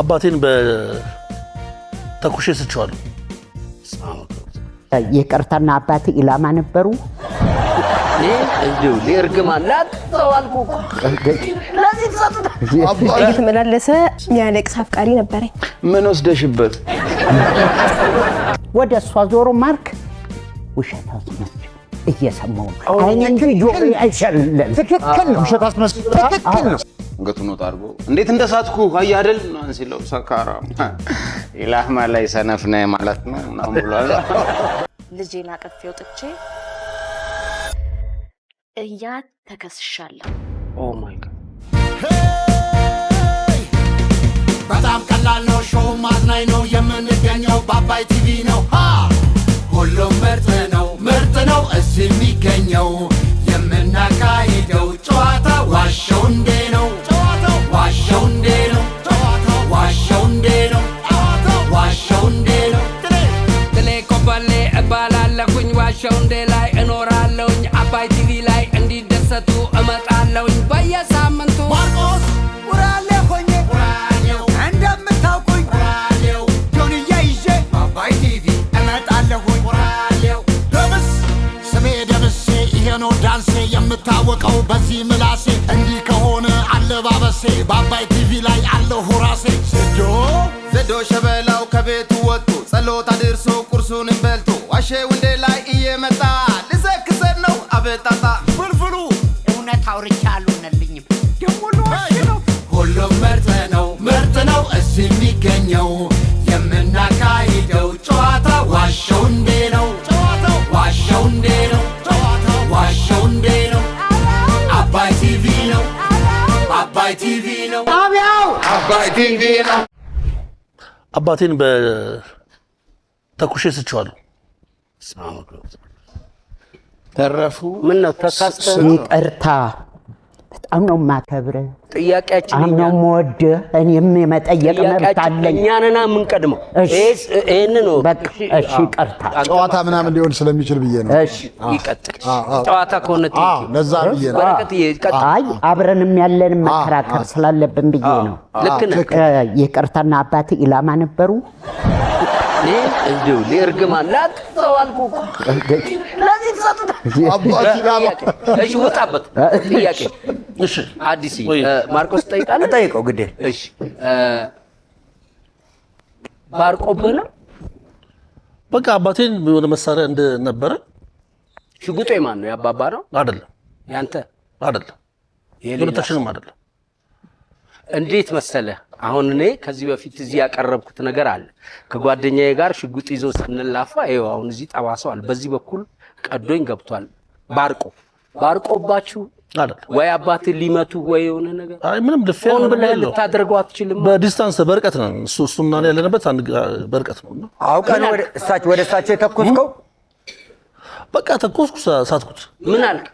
አባቴን በተኩሼ ስቸዋለሁ። ይቅርታና አባት ኢላማ ነበሩ። እርግማን እየተመላለሰ የሚያለቅስ አፍቃሪ ነበረኝ። ምን ወስደሽበት? ወደ እሷ ዞሮ ማርክ ውሸት አስመስል እየሰማሁ ነው። ትክክል ነው። ውሸት አስመስል ትክክል ነው። ገቱን ወጣ አድርጎ እንዴት እንደሳትኩ አያደል አይደል ሲለው ሰካራ ኢላህማ ላይ ሰነፍ ማለት ነው ምናምን ብሏል። ልጄን አቅፌ ወጥቼ እያ ተከስሻለሁ። በጣም ቀላል ነው። ሾው ማዝናኝ ነው። የምንገኘው በአባይ ቲቪ ነው። ሁሉም ምርጥ ነው፣ ምርጥ ነው እዚህ የሚገኘው የምናካሂደው ጨዋታ ዋሸው እንዴ በየሳምንቱ ማርቆስ ውራሌ ሆኜ እንደምታውቁኝ ውራሌው ጆንያ ይዤ አባይ ቲቪ እመጣለሁኝ ደምስ ስሜ ደምሴ ይሄ ነው ዳንሴ የምታወቀው በዚህ ምላሴ እንዲህ ከሆነ አለባበሴ በአባይ ቲቪ ላይ አለሁ ራሴ ስዶ ዘዶ ሸበላው ከቤቱ ወጥቶ ጸሎት አድርሶ ቁርሱንም በልቶ ዋሼ ውንዴ ላይ እየመጣ ልዘክሰን ነው አበጣጣ ፍልፍሉ እውነት አውርቻ የሚገኘው የምናካሂደው ጨዋታ ዋሻው እንዴ ነው ዋሻው እንዴ ነው ዋሻው እንዴ ነው አባይ ቲቪ ነው አባይ ቲቪ ነው ጣቢያው አባይ ቲቪ ነው። አባቴን በተኩሼ ስቼዋለሁ። ተረፉ ምን ነው ተካስተ ስንጠርታ በጣም ነው ማከብረ ጥያቄያችን እኛም ወደ እኔም የመጠየቅ መብት አለኝ። እኛንና የምንቀድመው ይህን ነው። እሺ ይቅርታ፣ ጨዋታ ምናምን ሊሆን ስለሚችል ብዬ ነው። እሺ ይቀጥል፣ ጨዋታ ከሆነ ለዛ ብዬ ነው። አይ አብረንም ያለን መከራከር ስላለብን ብዬ ነው። ልክ ነህ። ይቅርታና አባት ኢላማ ነበሩ። እንዲሁ ሊርግማን ላጥተው አልኩህ እኮ ለዚህ እሺ ውጣበት። ጥያቄ እሺ፣ አዲስ ማርቆስ ጠይቀው እሺ በቃ አባቴን የሆነ መሳሪያ እንደነበረ ሽጉጦ ማን ነው? የአባባ ነው አይደለም? ያንተ አደለም? የሁለታችንም አይደለም እንዴት መሰለ፣ አሁን እኔ ከዚህ በፊት እዚህ ያቀረብኩት ነገር አለ። ከጓደኛዬ ጋር ሽጉጥ ይዞ ስንላፋ ይኸው አሁን እዚህ ጠባሰዋል። በዚህ በኩል ቀዶኝ ገብቷል። ባርቆ ባርቆባችሁ ወይ አባት ሊመቱ ወይ የሆነ ነገር ምንም ልፈያ ነው ብለ ልታደርገው አትችልም። በዲስታንስ በርቀት ነው እሱ እሱና ያለንበት አንድ በርቀት ነው። አውቀን ወደ እሳቸው የተኮስከው በቃ ተኮስኩ፣ ሳትኩት። ምን አልክ?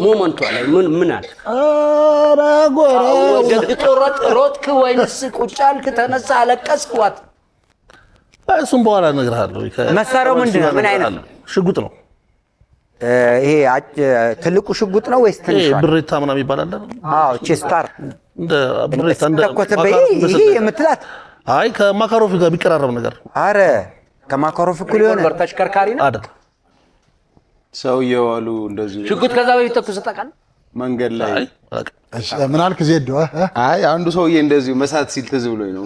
ሞመንቷ ላይ ምን ምን አለ? ኧረ ጎረ ወደግጦ ሮጥ ሮጥክ ወይንስ ቁጭ አልክ? ተነሳ አለቀስክዋት? እሱም በኋላ እነግርሃለሁ። መሳሪያው ምንድን ነው? ምን አይነት ሽጉጥ ነው? ይሄ ትልቁ ሽጉጥ ነው ወይስ ትንሽ ብሬታ ምናምን ይባላል? አዎ ቼስታር እንደ ብሬታ እንደ ይሄ የምትላት አይ ከማካሮፍ ጋር ቢቀራረብ ነገር። አረ ከማካሮፍ እኩል የሆነ ተሽከርካሪ ነው አይደል? ሰው እየዋሉ እንደዚህ ሽጉጥ ከዛ በፊት ተኩስ ታውቃለህ? መንገድ ላይ ምን አልክ? ዜዶ አይ አንዱ ሰውዬ እንደዚሁ መሳት ሲል ትዝ ብሎኝ ነው።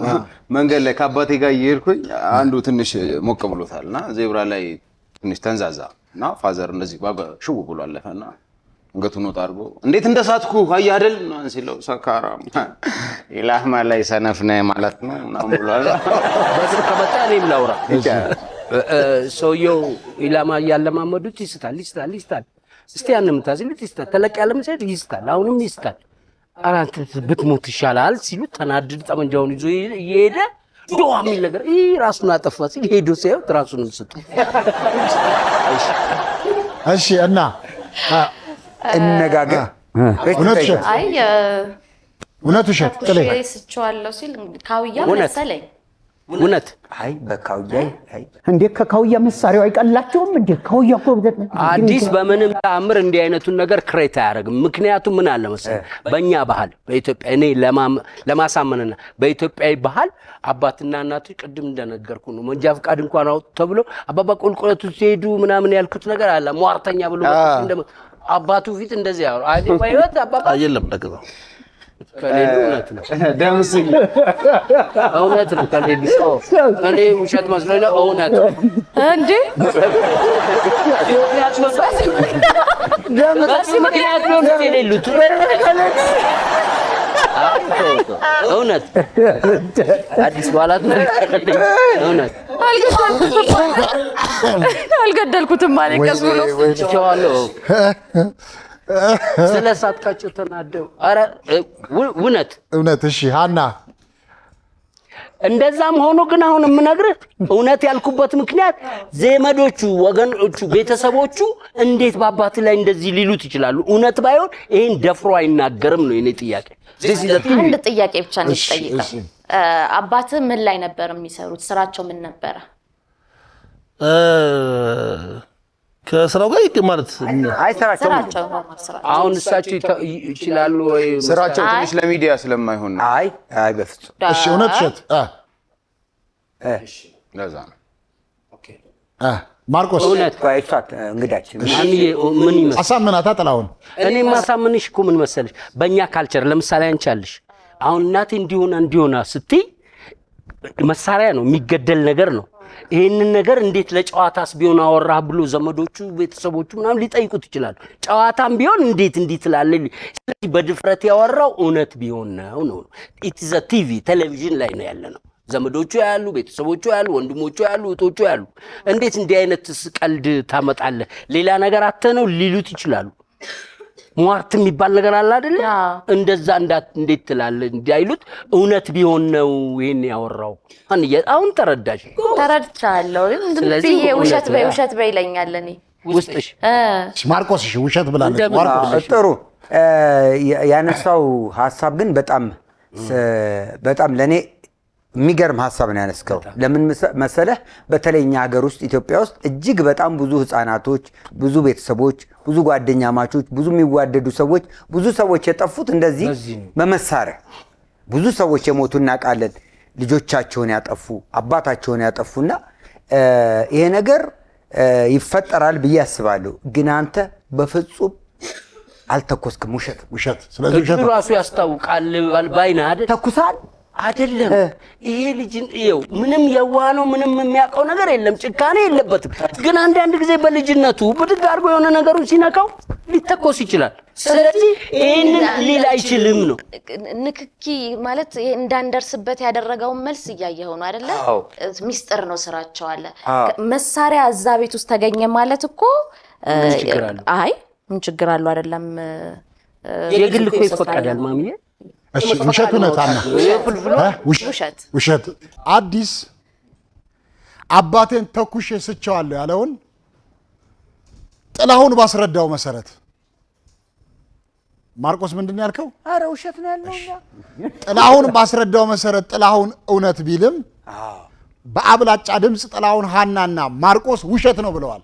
መንገድ ላይ ከአባቴ ጋር እየሄድኩኝ አንዱ ትንሽ ሞቅ ብሎታል እና ዜብራ ላይ ትንሽ ተንዛዛ እና ፋዘር እንደዚህ ሽው ብሎ አለፈና እንገቱ ወጣ አድርጎ እንዴት እንደሳትኩ አየህ አይደል ምናምን ሲለው ሰካራም ኢላህማ ላይ ሰነፍ ነህ ማለት ነው ምናምን ብሏል። በስልክ ከመጣ እኔም ላውራ ሰውየው ኢላማ እያለማመዱት ይስታል ይስታል ይስታል። እስቲ ያን የምታዝሉት ይስታል፣ ተለቅ ያለም ሳይድ ይስታል፣ አሁንም ይስታል። አራት ብትሞት ይሻላል ሲሉ ተናድድ ጠመንጃውን ይዞ እየሄደ ዶዋ የሚል ነገር ይህ ራሱን አጠፋ ሲል ሄዶ ሲያዩት ራሱን ስጡ። እሺ እና እነጋገር እውነት ውሸት ስቸዋለሁ ሲል ካውያ መሰለኝ እውነት አይ በካውያ እንዴ ከካውያ መሳሪያው አይቀላቸውም እንዴ ካውያ እኮ አዲስ በምንም ተአምር እንዲህ አይነቱን ነገር ክሬት አያደርግም ምክንያቱም ምን አለ መሰለህ በእኛ ባህል በኢትዮጵያ እኔ ለማሳመንና በኢትዮጵያዊ ባህል አባትና እናቱ ቅድም እንደነገርኩ ነው መንጃ ፍቃድ እንኳን አውጥ ተብሎ አባባ ቁልቁለቱ ሲሄዱ ምናምን ያልኩት ነገር አለ ሟርተኛ ብሎ አባቱ ፊት እንደዚህ ያሉ አይደለም እውነት ነው። ከሌሉ ሰው እኔ ውሸት መስሎኝ እውነት ነው እንዴ? እውነት አዲስ በኋላት እውነት አልገደልኩትም። ማለቀስ ብሎ ስለ ሳትካቸው ተናደው። ኧረ እውነት እውነት። እሺ ሀና፣ እንደዛም ሆኖ ግን አሁን የምነግርህ እውነት ያልኩበት ምክንያት ዜመዶቹ ወገኖቹ፣ ቤተሰቦቹ እንዴት በአባት ላይ እንደዚህ ሊሉት ይችላሉ? እውነት ባይሆን ይህን ደፍሮ አይናገርም ነው የኔ ጥያቄ። አንድ ጥያቄ ብቻ ነው የሚጠይቀው። አባትህ ምን ላይ ነበር የሚሰሩት? ስራቸው ምን ነበረ? ከስራው ጋር ይቅ ማለት አይሰራቸው። አሁን እሳቸው ይችላሉ ወይ ስራቸው ትንሽ ለሚዲያ ስለማይሆን አይ አይ፣ በፍጹም እሺ፣ እውነት እሸት አ እሺ፣ ለዛ ነው አ ማርቆስ እውነት ኳይፋት እንግዳችን ምን ይመስል አሳምናታ ጥላሁን። እኔ ማሳምንሽ እኮ ምን መሰለሽ፣ በእኛ ካልቸር ለምሳሌ አንቻልሽ አሁን እናቴ እንዲሆና እንዲሆና ስትይ መሳሪያ ነው የሚገደል ነገር ነው ይህንን ነገር እንዴት ለጨዋታስ ቢሆን አወራህ ብሎ ዘመዶቹ፣ ቤተሰቦቹ ምናምን ሊጠይቁት ይችላሉ። ጨዋታም ቢሆን እንዴት እንዲህ ትላለህ? ስለዚህ በድፍረት ያወራው እውነት ቢሆን ነው ነው ኢትዘ ቲቪ ቴሌቪዥን ላይ ነው ያለ ነው። ዘመዶቹ ያሉ፣ ቤተሰቦቹ ያሉ፣ ወንድሞቹ ያሉ፣ እህቶቹ ያሉ እንዴት እንዲህ አይነት ቀልድ ታመጣለህ? ሌላ ነገር አተ ነው ሊሉት ይችላሉ። ሟርት የሚባል ነገር አለ አደለ? እንደዛ እንዳት እንዴት ትላለህ እንዲያይሉት እውነት ቢሆን ነው ይሄን ያወራው። አሁን ተረዳሽ? ተረድቻለሁ። ስለዚህ ውሸት በይ ውሸት በይ ይለኛል። እኔ ውስጥሽ ማርቆስ እሺ፣ ውሸት ብላለች። ማርቆስ ጥሩ ያነሳው ሀሳብ ግን በጣም በጣም ለእኔ የሚገርም ሀሳብ ነው ያነስከው። ለምን መሰለህ? በተለይ እኛ ሀገር ውስጥ ኢትዮጵያ ውስጥ እጅግ በጣም ብዙ ህጻናቶች ብዙ ቤተሰቦች፣ ብዙ ጓደኛ ማቾች፣ ብዙ የሚዋደዱ ሰዎች፣ ብዙ ሰዎች የጠፉት እንደዚህ በመሳሪያ ብዙ ሰዎች የሞቱ እናውቃለን። ልጆቻቸውን ያጠፉ አባታቸውን ያጠፉና ይሄ ነገር ይፈጠራል ብዬ አስባለሁ። ግን አንተ በፍጹም አልተኮስክም። ውሸት ውሸት። ስለዚህ ውሸት ራሱ ያስታውቃል። ባይና አይደል ተኩሳል አይደለም ይሄ ልጅ ይኸው ምንም የዋህ ነው። ምንም የሚያውቀው ነገር የለም፣ ጭካኔ የለበትም። ግን አንዳንድ ጊዜ በልጅነቱ ብድግ አድርጎ የሆነ ነገሩ ሲነካው ሊተኮስ ይችላል። ስለዚህ ይህንን ሊል አይችልም ነው ንክኪ ማለት እንዳንደርስበት ያደረገውን መልስ እያየ ነው አይደለ? ሚስጥር ነው ስራቸው አለ መሳሪያ እዛ ቤት ውስጥ ተገኘ ማለት እኮ አይ ምን ችግር አለው አይደለም። የግል እኮ ይፈቀዳል ማምዬ ውሸት እውነታና ውሸት አዲስ አባቴን ተኩሼ ስቸዋለሁ ያለውን ጥላሁን ባስረዳው መሰረት ማርቆስ ምንድን ነው ያልከው? አረ ውሸት ነው ያለው። ጥላሁን ባስረዳው መሰረት ጥላሁን እውነት ቢልም በአብላጫ ድምፅ ጥላሁን ሀናና ማርቆስ ውሸት ነው ብለዋል።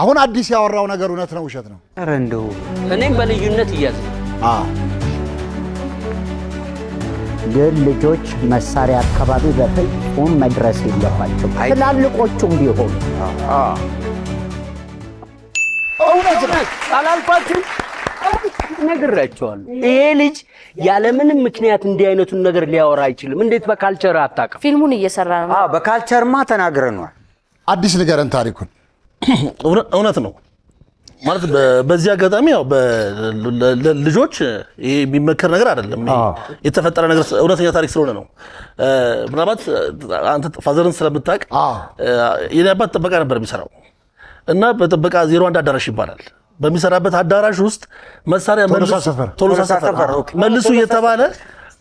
አሁን አዲስ ያወራው ነገር እውነት ነው ውሸት ነው? አረ እንደው እኔም በልዩነት እያዝ ግን ልጆች መሳሪያ አካባቢ በፍጹም መድረስ የለባቸው ትላልቆቹም ቢሆኑ አላልኳችሁ ይሄ ልጅ ያለምንም ምክንያት እንዲህ አይነቱን ነገር ሊያወራ አይችልም። እንዴት በካልቸር አታውቅም? ፊልሙን እየሰራ ነው። በካልቸርማ ተናግረኗል። አዲስ ንገረን ታሪኩን። እውነት ነው። ማለት በዚህ አጋጣሚ ያው ልጆች ይሄ የሚመከር ነገር አይደለም። የተፈጠረ ነገር እውነተኛ ታሪክ ስለሆነ ነው። ምናልባት አንተ ፋዘርን ስለምታውቅ የኔ አባት ጥበቃ ነበር የሚሰራው እና በጥበቃ ዜሮ አንድ አዳራሽ ይባላል በሚሰራበት አዳራሽ ውስጥ መሳሪያ ቶሎሳ ሰፈር መልሱ እየተባለ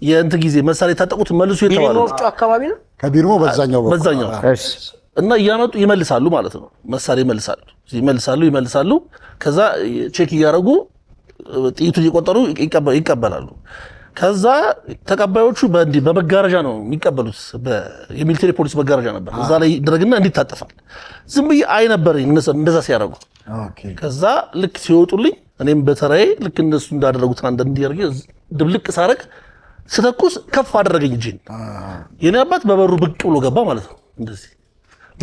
የእንት ጊዜ መሳሪያ የታጠቁት መልሱ የተባለ ቢሮ አካባቢ ነው። ከቢሮ በዛኛው በዛኛው እና እያመጡ ይመልሳሉ ማለት ነው። መሳሪያ ይመልሳሉ ይመልሳሉ ይመልሳሉ። ከዛ ቼክ እያደረጉ ጥይቱ እየቆጠሩ ይቀበላሉ። ከዛ ተቀባዮቹ በመጋረጃ ነው የሚቀበሉት። የሚሊተሪ ፖሊስ መጋረጃ ነበር፣ እዛ ላይ ይደረግና እንዲታጠፋል። ዝም ብዬ አይ ነበር እንደዛ ሲያደርጉ። ከዛ ልክ ሲወጡልኝ እኔም በተራዬ ልክ እነሱ እንዳደረጉት አንድ እንዲያደርግ ድብልቅ ሳረግ ስተኩስ ከፍ አደረገኝ እጄን። የኔ አባት በበሩ ብቅ ብሎ ገባ ማለት ነው እንደዚህ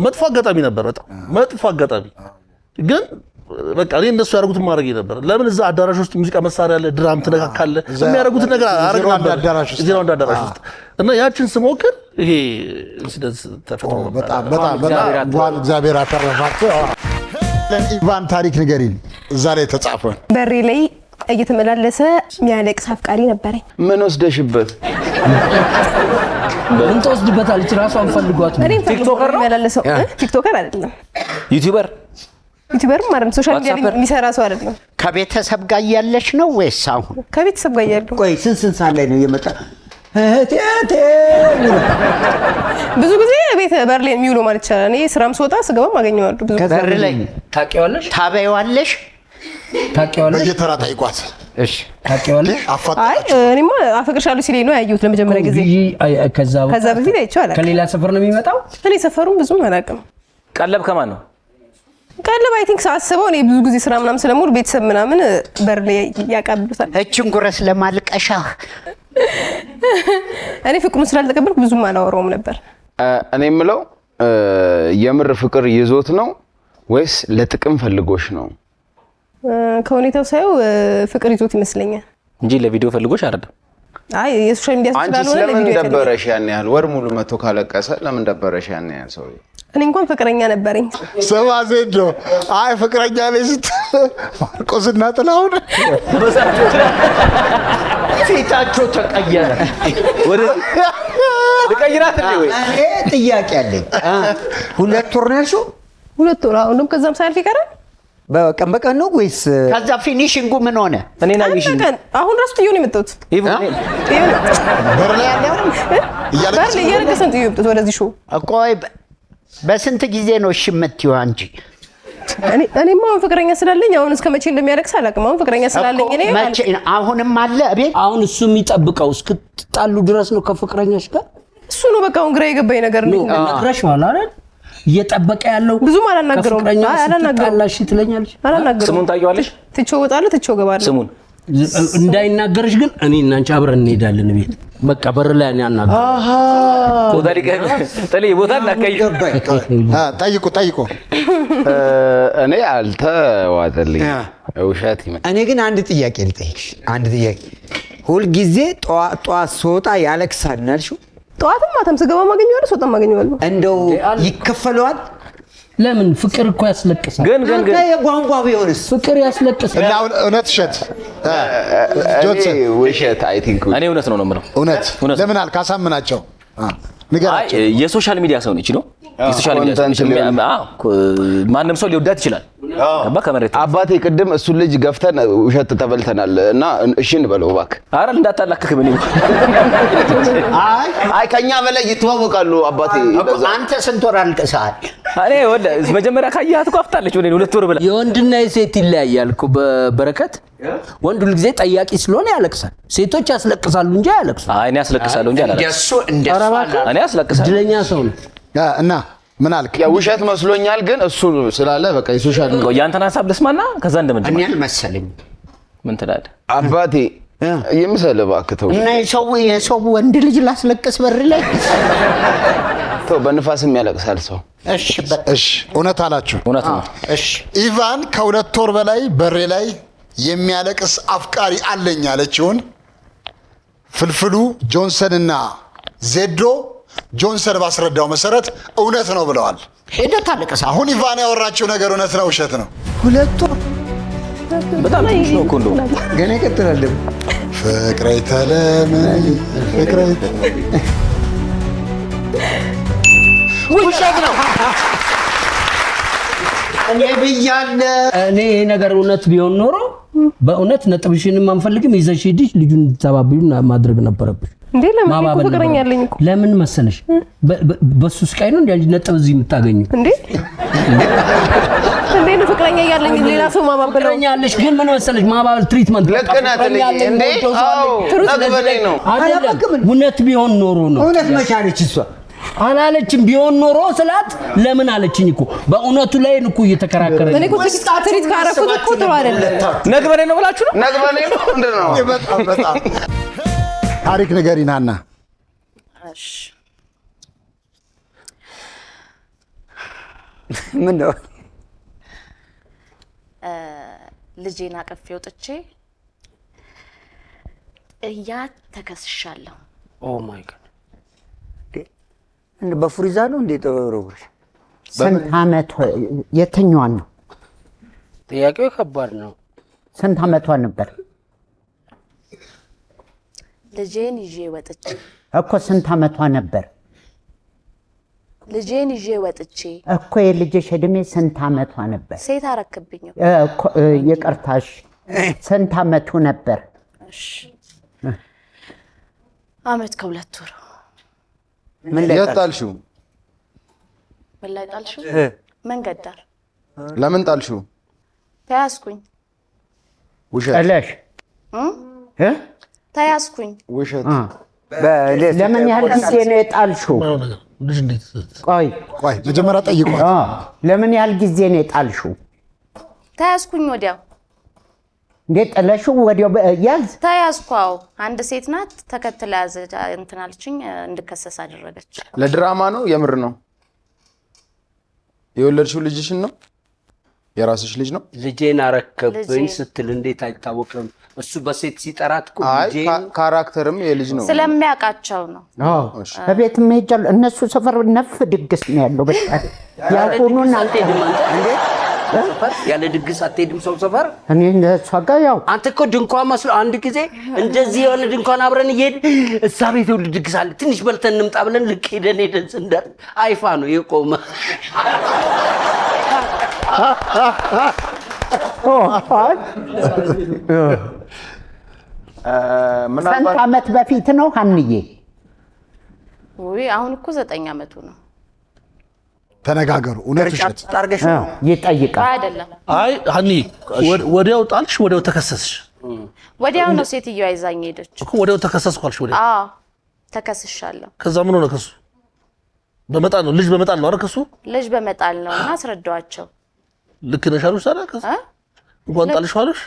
መጥፎ አጋጣሚ ነበር፣ በጣም መጥፎ አጋጣሚ ግን በቃ እኔ እነሱ ያደረጉትን ማድረግ ነበር። ለምን እዛ አዳራሽ ውስጥ ሙዚቃ መሳሪያ አለ፣ ድራም ትነካካለ፣ የሚያደረጉት ነገር አረግ ነበር እዚህ ነው አዳራሽ ውስጥ እና ያችን ስሞክር ይሄ ኢንሲደንት ተፈጥሮ ነበር። በጣም በጣም እግዚአብሔር አተረፋቸው። ኢቫን ታሪክ ንገሪን፣ እዛ ላይ ተጻፈ በሪ ላይ እየተመላለሰ የሚያለቅስ አፍቃሪ ነበረኝ። ምን ወስደሽበት? ምን ትወስድበታለች? ራሷን ፈልጓት። ቲክቶከር ነው ቲክቶከር አይደለም፣ ዩቲበር ዩቲበር ማለት ሶሻል ሚዲያ የሚሰራ ሰው አይደለም። ከቤተሰብ ጋር እያለች ነው ወይስ አሁን? ከቤተሰብ ጋር እያለሁ። ቆይ ስንት ስንት ሰዓት ላይ ነው እየመጣ ብዙ ጊዜ ቤት በርሌን የሚውለው ማለት ይቻላል። እኔ ስራም ስወጣ ስገባም አገኘዋለሁ። ብዙ ጊዜ ታውቂዋለሽ፣ ታበይዋለሽ ታውቂዋለሽ? በየተራ ጠይቋት። እሺ ታውቂዋለሽ? አይ እኔማ አፈቅርሻለሁ ሲለኝ ነው ያየሁት ለመጀመሪያ ጊዜ። ከዛ በፊት ከሌላ ሰፈር ነው የሚመጣው። እኔ ሰፈሩን ብዙም አላውቅም። ቀለብ ከማን ነው? ቀለብ አይ ቲንክ ሳስበው እኔ ብዙ ጊዜ ስራ ምናምን ስለምውል ቤተሰብ ምናምን በር ላይ ያቀብሉታል። እችን ጉረስ ለማልቀሻ እኔ ፍቅሩን ስላልተቀበልኩ ብዙም አላወራውም ነበር። እኔ የምለው የምር ፍቅር ይዞት ነው ወይስ ለጥቅም ፈልጎሽ ነው? ከሁኔታው ሳየው ፍቅር ይዞት ይመስለኛል እንጂ ለቪዲዮ ፈልጎሽ አይደለም። አይ የሶሻል ሚዲያ ስላልሆነ ለምን ደበረሽ? ያን ያህል ወር ሙሉ መቶ ካለቀሰ ለምን ደበረሽ? ያን ያህል ሰው እኔ እንኳን ፍቅረኛ ነበረኝ። ሰባ ዜዶ አይ ፍቅረኛ ላይ ስት ማርቆስ እና ጥላሁን ፊታቸው ተቀየረ። ወደ ልቀይራት ወይ ጥያቄ አለኝ። ሁለት ወር ነው ያልሽው? ሁለት ወር አሁንም ከዛም ሳያልፍ ይቀራል በቀን በቀን ነው ወይስ? ከዛ ፊኒሽንጉ ምን ሆነ? እኔ ና ይሽ አሁን ራሱ ጥዩን የመጣሁት በር ላይ ያለው በር ላይ የረከሰን ጥዩ የመጣሁት ወደዚህ ሾው። ቆይ በስንት ጊዜ ነው እሺ የምትይው አንቺ? እኔማ አሁን ፍቅረኛ ስላለኝ አሁን እስከ መቼ እንደሚያለቅስ አላውቅም። አሁን ፍቅረኛ ስላለኝ እኔ መቼ አሁንም አለ እቤት። አሁን እሱ የሚጠብቀው እስክትጣሉ ድረስ ነው ከፍቅረኛሽ ጋር። እሱ ነው በቃ አሁን ግራ የገባኝ ነገር ነው ነግረሽዋል አይደል? እየጠበቀ ያለው ብዙም አላናገረውም። አላናገረውም ትለኛለች። ስሙን ታየዋለች። ትቼው እወጣለሁ፣ ትቼው እገባለሁ። ስሙን እንዳይናገርሽ ግን እኔ እና አንቺ አብረን እንሄዳለን ቤት በቃ በር ላይ እኔ አናገረው። አሃ ቦታ ጠይቁ ጠይቁ። እኔ አልተዋጠልኝ ውሸት ይመጣል። እኔ ግን አንድ ጥያቄ ልጠይቅሽ፣ አንድ ጥያቄ ሁልጊዜ ጠዋት ጠዋት ስወጣ ያለቅሳል ነው ያልሽው ጠዋትም ማታም ስገባ ማገኘዋለሁ፣ ስወጣ ማገኘዋለሁ። እንደው ይከፈለዋል። ለምን ፍቅር እኮ ያስለቅሳል። ግን ግን ግን ቋንቋ ቢሆንስ ፍቅር ያስለቅሳል። እና እውነት እሸት ጆት ውሸት አይ ቲንክ እኔ እውነት ነው ነው የምለው። እውነት ለምን አልክ? አሳምናቸው ንገራቸው። የሶሻል ሚዲያ ሰው ነች ነው የተሻለ ማንም ሰው ሊወዳት ይችላል። አባቴ ቅድም እሱን ልጅ ገፍተን ውሸት ተበልተናል እና እሺ እንበለው እባክህ። አረ እንዳታላክክ። ምን አይ ከኛ በላይ ይተዋወቃሉ አባቴ። አንተ ስንት ወር አልቅሰሃል? እኔ መጀመሪያ ካየሃት እኮ አፍታለች ወደ ሁለት ወር ብላ። የወንድና የሴት ይለያያል እኮ በበረከት። ወንድ ሁልጊዜ ጠያቂ ስለሆነ ያለቅሳል። ሴቶች ያስለቅሳሉ እንጂ አያለቅሱም። እኔ አስለቅሳለሁ እንጂ አላለቅስም። እኔ አስለቅሳለሁ። እድለኛ ሰው ነው እና ምን አልክ? ውሸት መስሎኛል፣ ግን እሱ ስላለ በቃ የሶሻል ሚዲያ ያንተን ሀሳብ ልስማና ከዛ እንደምንጀምር። እኔ አልመሰለኝም። ምን ትላለህ አባቴ? የምሰልህ እባክህ ተው እና የሰው የሰው ወንድ ልጅ ላስለቅስ በር ላይ ተው። በንፋስም ያለቅሳል ሰው። እሺ እውነት አላችሁ። እውነት ነው። እሺ ኢቫን ከሁለት ወር በላይ በሬ ላይ የሚያለቅስ አፍቃሪ አለኝ ያለችውን ፍልፍሉ ጆንሰን እና ዜዶ ጆንሰን ባስረዳው መሰረት እውነት ነው ብለዋል። ሂደት አለቀሰ። አሁን ኢቫን ያወራችው ነገር እውነት ነው ውሸት ነው? ሁለቱ በጣም ትንሽ ነው እኮ እንደው ገና ይቀጥላል። ደግሞ ፍቅሬ ተለመኝ ውሸት ነው። እኔ ብያለ እኔ ይሄ ነገር እውነት ቢሆን ኖሮ በእውነት ነጥብሽንም አንፈልግም ይዘሽ ሂድሽ ልጁን እንድታባብዩን ማድረግ ነበረብሽ። እንዴ ለምን ፍቅረኛ አለኝ እኮ ለምን መሰለሽ? በሱ ስቃይ ነው እንዴ ነጥብ እዚህ የምታገኙ? እንዴ ነው ፍቅረኛ እያለኝ ሌላ ሰው ማባበል ፍቅረኛ አለሽ ግን ምን መሰለሽ ማባበል ትሪትመንት እውነት ቢሆን ኖሮ ነው እውነት መቻለች እሷ አላለችም ቢሆን ኖሮ ስላት ለምን አለችኝ እኮ በእውነቱ ላይ እኮ እየተከራከረ እኔ እኮ ትሪት ካረኩት እኮ ጥሩ አይደለም። ነግበኔ ነው ብላችሁ ነው ነግበኔ ነው እንዴ ነው በጣም በጣም ታሪክ ንገሪን ሀና። ምን ነው ልጄን አቅፌ ወጥቼ እያ ተከስሻለሁ። ኦ ማይ ጋድ! በፍሪዛ ነው እንዴ ተወረወርሽ? ስንት አመት የተኛዋን ነው? ጥያቄው ከባድ ነው። ስንት አመቷን ነበር? ልጄን ይዤ ወጥቼ እኮ ስንት ዓመቷ ነበር? ልጄን ይዤ ወጥቼ እኮ የልጅሽ ዕድሜ ስንት ዓመቷ ነበር? ሴት አረክብኝ። ይቅርታሽ፣ ስንት ዓመቱ ነበር? አመት ከሁለት ወር። ምን ላይ ጣልሽው? ምን ላይ ጣልሽው? መንገድ ዳር። ለምን ጣልሽው? ተያዝኩኝ። ውሸት ጥለሽ ተያዝኩኝ። ውሸት። ለምን ያህል ጊዜ ነው የጣልሽው? ቆይ ቆይ፣ መጀመሪያ ጠይቋት። ለምን ያህል ጊዜ ነው የጣልሽው? ተያዝኩኝ ወዲያው። እንዴት ጠለሽው? ወዲያው ያዝ አንድ ሴት ናት ተከትለ ያዘ እንትን አለችኝ፣ እንድከሰስ አደረገች። ለድራማ ነው የምር ነው የወለድሽው? ልጅሽን ነው የራስሽ ልጅ ነው። ልጄን አረከብኝ ስትል እንዴት አይታወቅም? እሱ በሴት ሲጠራት ካራክተርም የልጅ ነው ስለሚያውቃቸው ነው። በቤት ሄጃለሁ። እነሱ ሰፈር ነፍ ድግስ ነው ያለው። በጣም ያልሆኑን ያለ ድግስ አትሄድም ሰው ሰፈር። እኔ እሷ ጋር ያው አንተ እኮ ድንኳን መስሎ አንድ ጊዜ እንደዚህ የሆነ ድንኳን አብረን እየሄድ እዛ ቤት ሁሉ ድግስ አለ፣ ትንሽ በልተን እንምጣ ብለን ልክ ሄደን ሄደን ስንደር አይፋ ነው የቆመ ስንት ዓመት በፊት ነው ሀንዬ? ውይ አሁን እኮ ዘጠኝ ዓመቱ ነው። ተነጋገሩ። እውነት ውሸት ይጠይቃል። አይ ሀኒ ወዲያው ጣልሽ፣ ወዲያው ተከሰስሽ። ወዲያው ነው ሴትዮዋ ይዛኝ ሄደች ወዲያው ተከሰስኩ አልሽ። ወዲያው ተከስሻለሁ። ከዛ ምን ሆነ? ከሱ በመጣል ነው ልጅ በመጣል ነው። አረ ከሱ ልጅ በመጣል ነው እና አስረዳዋቸው ልክ ነሽ አሉሽ። ታዲያ እንኳን ጣልሽ አሉሽ።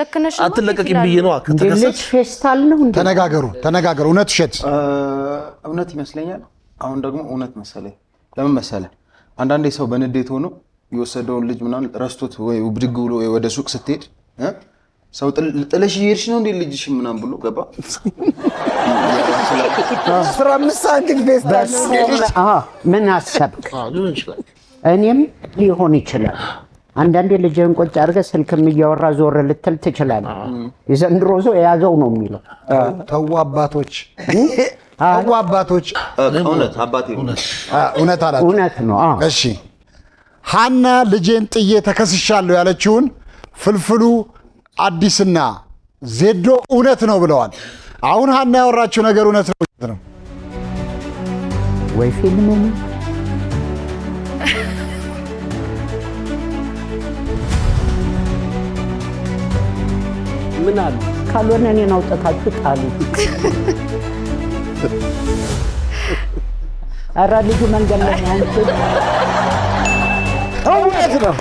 ልክ ነሽ አትለቀቂም ብዬ ነዋ። ከተከሰስሽ ፌስታል ነው እንዴ? ተነጋገሩ ተነጋገሩ። እውነት እሸት እውነት ይመስለኛል። አሁን ደግሞ እውነት መሰለኝ። ለምን መሰለህ? አንዳንዴ ሰው በንዴት ሆኖ የወሰደውን ልጅ ምናምን ረስቶት ወይ ብድግ ብሎ ወይ ወደ ሱቅ ስትሄድ ሰው ጥለሽ እየሄድሽ ነው እንዴ ልጅሽ ምናምን ብሎ ገባ። ምን አሰብክ? እኔም ሊሆን ይችላል አንዳንዴ ልጅህን ቁጭ አድርገህ ስልክም እያወራ ዞር ልትል ትችላለህ። የዘንድሮ ሰው የያዘው ነው የሚለው። ተው አባቶች፣ ተው አባቶች። እውነት አላት፣ እውነት ነው። እሺ ሀና ልጄን ጥዬ ተከስሻለሁ ያለችውን ፍልፍሉ አዲስና ዜዶ እውነት ነው ብለዋል። አሁን ሀና ያወራችው ነገር እውነት ነው ወይ ፊልም ነው ምን አሉ? ካልሆነ እኔን አውጥታችሁ ጣሉ። ኧረ ልጁ መንገድ ላይ አንቺ እውነት ነው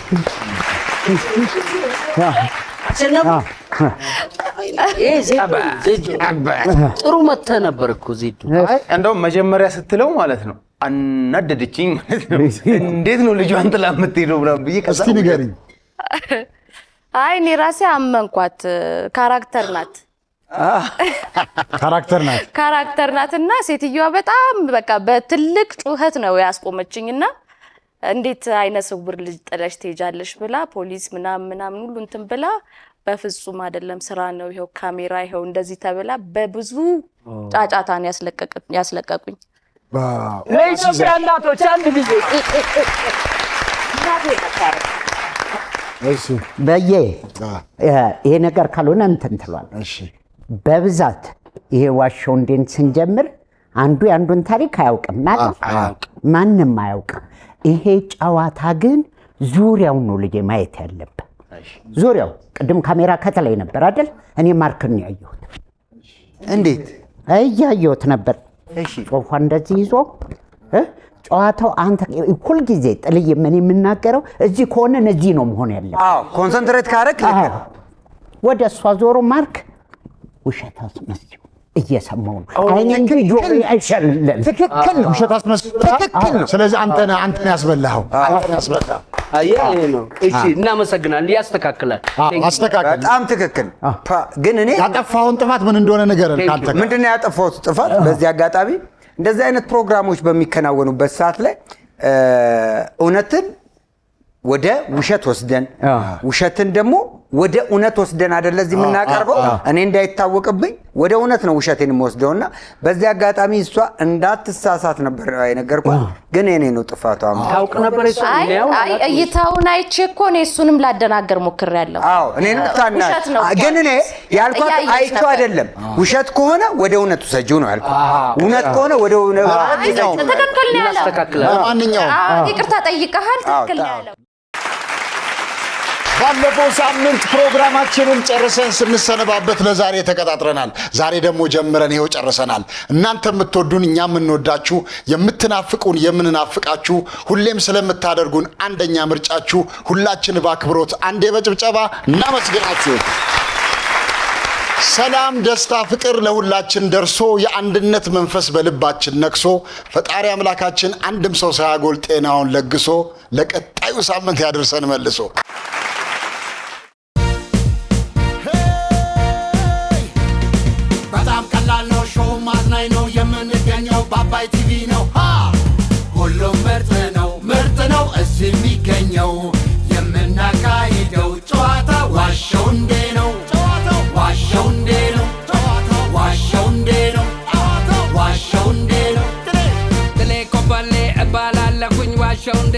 ጥሩ መተ ነበር እኮ ዜዱ። እንደውም መጀመሪያ ስትለው ማለት ነው አናደደችኝ ማለት ነው። እንዴት ነው ልጇን ጥላ የምትሄደው ብላ ብዬ ከዛ ንገሪኝ አይ እኔ ራሴ አመንኳት። ካራክተር ናት ካራክተር ናት ካራክተር ናት። እና ሴትዮዋ በጣም በቃ በትልቅ ጩኸት ነው ያስቆመችኝ። እና እንዴት አይነ ስውር ልጅ ጥለሽ ትሄጃለሽ ብላ ፖሊስ ምናምን ምናምን ሁሉ እንትን ብላ በፍጹም አይደለም፣ ስራ ነው ይኸው፣ ካሜራ ይኸው እንደዚህ ተብላ በብዙ ጫጫታን ያስለቀቁኝ። ለኢትዮጵያ እናቶች አንድ ጊዜ በዬ ይሄ ነገር ካልሆነ እንትን ትሏል። በብዛት ይሄ ዋሻው እንዴት ስንጀምር አንዱ የአንዱን ታሪክ አያውቅም፣ ማንም አያውቅም። ይሄ ጨዋታ ግን ዙሪያው ነው ልጄ ማየት ያለብህ ዙሪያው። ቅድም ካሜራ ከተለይ ነበር አይደል? እኔ ማርክን ያየሁት እንዴት እያየሁት ነበር። ጽሑፏ እንደዚህ ይዞ ጨዋታው አንተ ሁልጊዜ ጥልይ ምን የምናገረው እዚህ ከሆነ እዚህ ነው መሆን ያለ። ኮንሰንትሬት ካረግ ወደ እሷ ዞሮ ማርክ ውሸት አስመስ እየሰማው ነው። ስለዚህ አንተን አንተን ያስበላኸው አንተን ያስበላኸው እናመሰግናል። ያስተካክላል። አስተካክል። በጣም ትክክል። ግን እኔ ያጠፋውን ጥፋት ምን እንደሆነ ነገር ምንድን ነው ያጠፋሁት ጥፋት በዚህ አጋጣሚ እንደዚህ አይነት ፕሮግራሞች በሚከናወኑበት ሰዓት ላይ እውነትን ወደ ውሸት ወስደን ውሸትን ደግሞ ወደ እውነት ወስደን አደለ እዚህ የምናቀርበው። እኔ እንዳይታወቅብኝ ወደ እውነት ነው ውሸቴን የምወስደውና በዚህ አጋጣሚ እሷ እንዳትሳሳት ነበር የነገርኳት፣ ግን የእኔ ነው ጥፋቷ። ታውቅ ነበር እይታውን አይቼ እኮ እኔ እሱንም ላደናገር ሞክሬያለሁ። አዎ እኔ ታና፣ ግን እኔ ያልኳት አይቼው አይደለም። ውሸት ከሆነ ወደ እውነት ውሰጂው ነው ያልኳት። እውነት ከሆነ ወደ እውነት ነው። ትክክል ነው ያለው። ማንኛውም ይቅርታ ጠይቀሃል። ትክክል ነው ያለው። ባለፈው ሳምንት ፕሮግራማችንን ጨርሰን ስንሰነባበት ለዛሬ ተቀጣጥረናል። ዛሬ ደግሞ ጀምረን ይኸው ጨርሰናል። እናንተ የምትወዱን እኛ የምንወዳችሁ፣ የምትናፍቁን የምንናፍቃችሁ፣ ሁሌም ስለምታደርጉን አንደኛ ምርጫችሁ ሁላችን በአክብሮት አንዴ በጭብጨባ እናመስግናችሁ። ሰላም፣ ደስታ፣ ፍቅር ለሁላችን ደርሶ የአንድነት መንፈስ በልባችን ነክሶ ፈጣሪ አምላካችን አንድም ሰው ሳያጎል ጤናውን ለግሶ ለቀጣዩ ሳምንት ያደርሰን መልሶ የሚገኘው የምናካሄደው ጨዋታ ዋሻው እንዴ ነው ዋሻው እንዴ ነው ዋሻው እንዴ ነው ዋሻው እንዴ ነው ትሌ ኮባሌ እባላለሁኝ ዋሻው እንዴ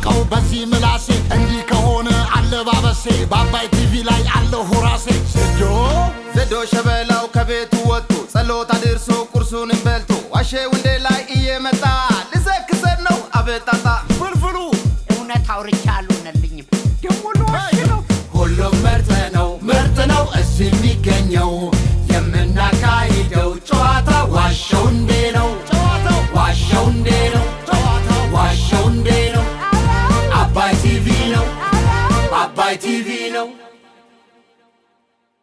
ሳላውቀው በዚህ ምላሴ እንዲህ ከሆነ አለባበሴ በአባይ ቲቪ ላይ አለሁ ራሴ ዘዶ ዘዶ ሸበላው ከቤቱ ወጥቶ ጸሎት አድርሶ ቁርሱን በልቶ ዋሼ ወንዴ ላይ እየመጣ ልዘክሰን ነው አበጣጣ ፍልፍሉ እውነት አውርቻ አልሆነልኝም ደሞሎ ነው ሁሉም ምርጥ ነው ምርጥ ነው እዚህ የሚገኘው